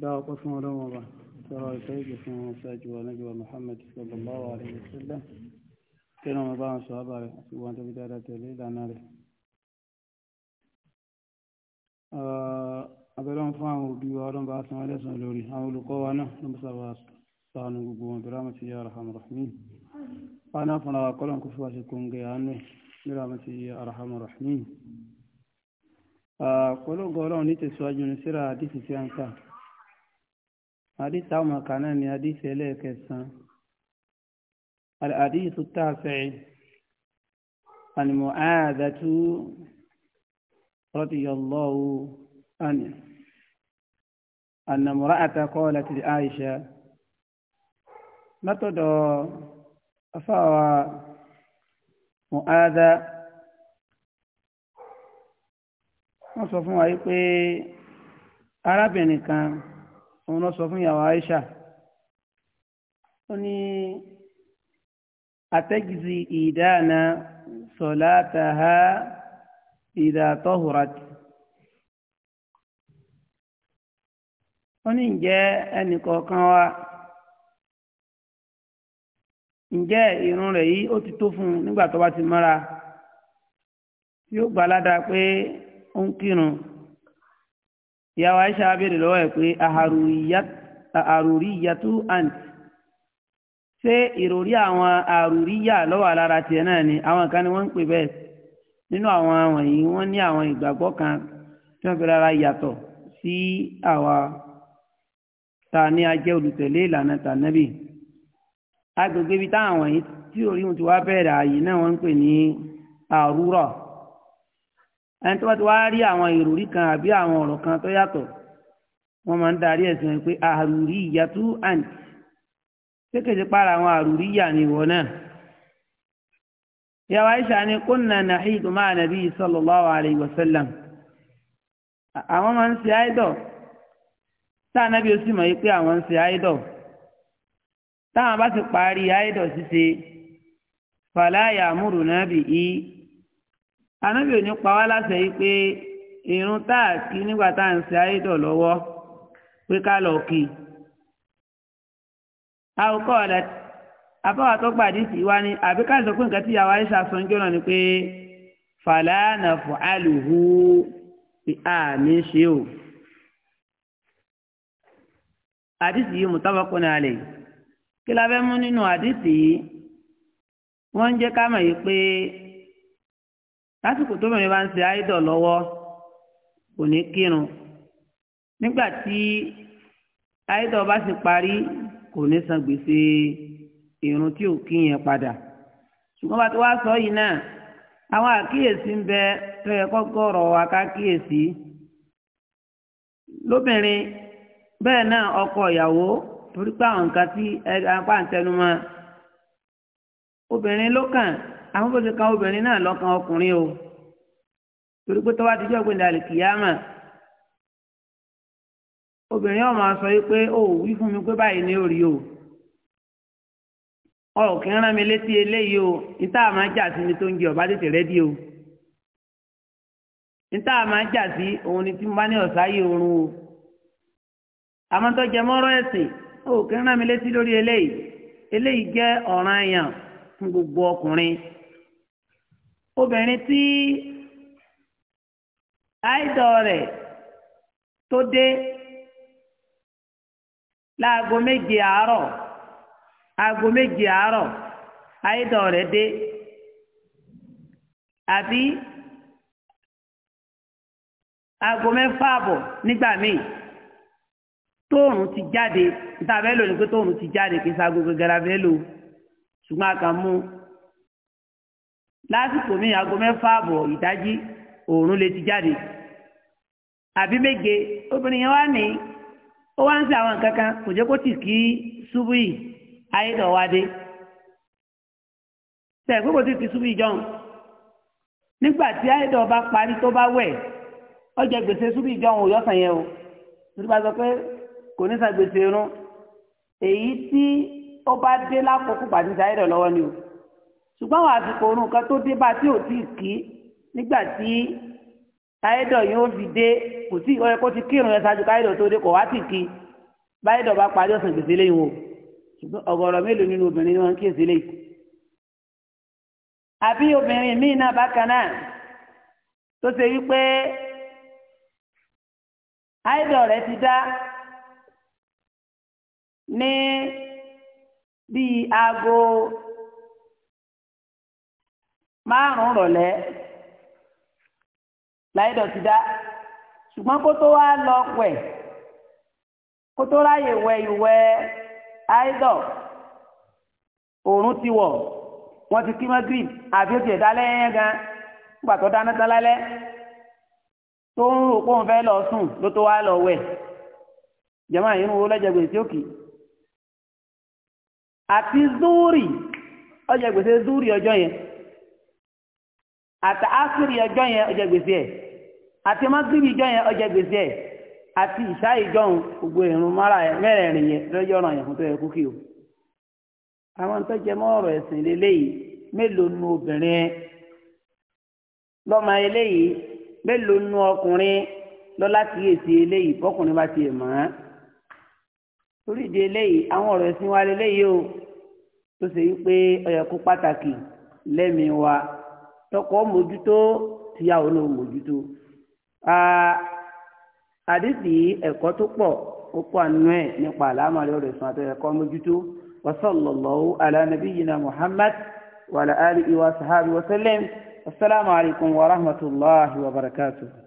dáwọ́ pẹ́ fún ọlọ́wọ́n wa tọrọ ìfẹ́ ìgbè fún wọn ṣáájú wa lẹ́jọ́ wa Muhammad sallallahu alayhi wa sallam kí ni wọn bá wọn sọ ábà rẹ àti wọn tó fi dáadáa tẹ̀lé ìlànà rẹ. abẹ́rẹ́ fún àwọn òbí wa ọlọ́run bá san ẹlẹ́sàn lórí àwọn olùkọ́ wa náà ló ń sábà sànù gbogbo wọn bẹ̀rẹ̀ àmọ́ ti yára hàmù rahmin. wọn ọlọ́run ní tẹ̀síwájú ní síra àdìsí tí a ń kà. حديث عمر كان حديث إليك السلام الحديث التاسع عن معاذة رضي الله عنه أن امرأة قالت لعائشة لتدعو أفاوى معاذة wọ́n sọ fún wa yí pé arábìnrin kan òun lọ sọ fún ìyàwó Aisha ó ní atẹ́gìsì ìdáná sọ̀látàhá ìdàtọ̀hùrat ó ní ǹjẹ́ ẹnìkọ̀ọ̀kan wa ǹjẹ́ irun rẹ̀ yìí ó ti tó fún un nígbà tó bá ti mọ́ra yóò gbalada ládàá pé ó ń kírun. ìyàwó aisha béèrè lọ́wọ́ ẹ̀ pé àrùríyàtú ant ṣé ìròrí àwọn àrùríyà lọ́wọ́ alára tiẹ̀ náà ni àwọn kan ni wọ́n ń pè bẹ́ẹ̀ nínú àwọn wọ̀nyí wọ́n ní àwọn ìgbàgbọ́ kan tí wọ́n fi rárá yàtọ̀ sí àwa ta ni a jẹ́ olùtẹ̀lé ìlànà tànẹ́bì agbègbè ibi táwọn wọ̀nyí tí orí wọn ti wá bẹ̀rẹ̀ ààyè náà wọ́n ń pè ní àrúrọ̀ ẹni tó bá ti wá rí àwọn ìròrí kan àbí àwọn ọ̀rọ̀ kan tó yàtọ̀ wọ́n máa ń darí ẹ̀sìn wọn pé àrùrí àǹtí kékeré para àwọn àrùrí ìyà ni ìwọ náà. ìyàwó ni nabi sallallahu alayhi wa sallam àwọn máa ń ṣe áìdọ̀ táà si ó sì mọ̀ yí pé àwọn ń ṣe áìdọ̀ táwọn bá ti parí áìdọ̀ ṣíṣe anábì òní pa wá láṣẹ yìí pé irun tá a kí nígbà tá à ń ṣe ayédọ̀ lọ́wọ́ pé ká lọ kí i. àwòkọ́ ọ̀dẹ̀ abáwá tó gbàdí sí wa ni àbí ká sọ pé nǹkan tí ìyàwó ayéṣà sọ ń jọ́nà ni pé fàlànà fún àlùhù bí àmì ṣe o. àdìsí yìí mùtáfàkùn náà lè kí la fẹ́ mú nínú àdìsí yìí wọ́n ń jẹ́ ká mọ̀ yìí lásìkò tó bá ń ṣe áìdọ̀ lọ́wọ́ kò ní kírun nígbà tí áìdọ̀ bá sì parí kò ní san gbèsè irun tí ò kí yẹn padà ṣùgbọ́n bá ti wá sọ yìí náà àwọn àkíyèsí ń bẹ tó yẹ kọ́kọ́rọ̀ akákíyèsí lóbìnrin bẹ́ẹ̀ náà ọkọ ìyàwó torí pé àwọn nǹkan tí apá ń tẹnu mọ́ obìnrin ló kàn àwọn bó ṣe ka obìnrin náà lọ́kàn ọkùnrin o torí pé tọ́wá ti jẹ́ òpin ìdàlẹ̀ kìyàmà obìnrin ọmọ sọ pé ó wí fún mi pé báyìí ni ó rí o Ọ kí ń rán mi létí eléyìí o níta àmà jà sí ni tó ń jẹ ọba tètè rẹ́dí o níta àmà jà sí òun ni tí mo bá ní ọ̀sá yìí oorun o àmọ́ tó jẹ mọ́rọ́ ẹ̀sìn ó kí ń rán mi létí lórí eléyìí eléyìí jẹ́ ọ̀ràn àyàn fún gbogbo ọkùnrin. obìnrin tí àìdọ̀ rẹ̀ tó dé láago méje àárọ̀ aago méje àárọ̀ àìdọ̀ rẹ̀ dé àbí aago mẹ́fà àbọ̀ nígbà míì tóòrùn ti jáde níta bẹ́ẹ̀ lò ní pé tóòrùn ti jáde kí n sa gbogbo gẹ́gẹ́ bẹ́ẹ̀ lò ṣùgbọ́n a kàn mú un lásìkò míì aago mẹ́fà àbọ̀ ìdájí òòrùn lè ti jáde àbí méje obìnrin yẹn wá ní ó wá ń sè àwọn nǹkan kan kò jẹ́ kó tì kí ṣubú yìí ayédọ̀wádé tẹ̀ pé kò tì kí ṣubú yìí jọ̀hún nígbà tí ayédọ̀ bá parí tó bá wẹ̀ ó gbèsè ṣubú yìí jọ̀hún òyọ́sàn yẹn o tó bá sọ pé kò ní san gbèsè irun èyí tí ó bá dé lákòókò pàdé ayédọ̀ lọ́wọ́ ni o ṣùgbọ́n àwọn àsìkò oorun kan tó dé bá tí ò tí ì kí nígbà tí táyédọ̀ yóò fi dé kò tí ó yẹ kó ti kírun yẹn ṣáájú káyédọ̀ tó dé kò wá tì kí báyédọ̀ bá parí ọ̀sán gbèsè lẹ́yìn o ṣùgbọ́n ọ̀gọ̀rọ̀ mélòó nínú obìnrin ni wọ́n ń kíyèsí lẹ́yìn. àbí obìnrin míì náà bákan náà tó ṣe wípé áìdọ̀ rẹ̀ ti dá ní bíi aago márùn rọ̀lẹ́ láìdọ̀tí dá ṣùgbọ́n kó tó wá lọ wẹ̀ kó tó ráyè wẹ̀ ìwẹ̀ áìdọ̀ òórùn ti wọ̀ wọ́n ti kí magrib àbí ó ti tó ń rò lọ sùn ló tó wá lọ jẹ́mọ́ lọ́jọ́ gbèsè òkè àti àti asiri ọjọ́ yẹn ọjọ́ gbèsè ẹ̀ àti magribi ọjọ́ yẹn ọjọ́ gbèsè ẹ̀ àti ìṣá ìjọhun gbogbo ìrun mara ẹ̀ mẹ́rẹ̀ẹ̀rin yẹn lọ́jọ́ ọ̀ràn yẹn fún tó yẹ kú kí o. àwọn tó jẹ mọ́ ọ̀rọ̀ ẹ̀sìn lélẹ́yìí mélòó nu obìnrin lọ́mọ eléyìí mélòó nu ọkùnrin lọ láti èsì eléyìí bọ́kùnrin bá tiẹ̀ mọ́ torí ìdí eléyìí àwọn ọ̀rọ̀ ẹ̀sìn wa lélẹ́yìí o tó ṣe wípé ó yẹ pàtàkì lẹ́mìí wa tọkọ mójútó tíyàwó náà mójútó àdìsí ẹ̀kọ́ tó pọ̀ ó kó àánú ẹ̀ nípa àlámàlẹ́ ọ̀rọ̀ ìsìn àti ẹ̀kọ́ mójútó wasallallahu ala nabiyyina muhammad wa ala alihi sahabi wa sallam alaikum wa rahmatullahi wa barakatuh.